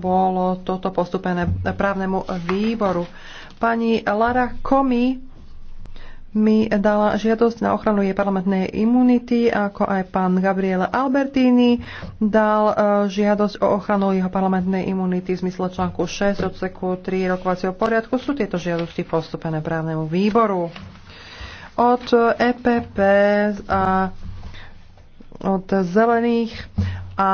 bolo toto postupené právnemu výboru. Pani Lara Komi mi dala žiadosť na ochranu jej parlamentnej imunity, ako aj pán Gabriele Albertini dal e, žiadosť o ochranu jeho parlamentnej imunity v zmysle článku 6 odseku 3 rokovacieho poriadku. Sú tieto žiadosti postupené právnemu výboru. Od EPP a od zelených a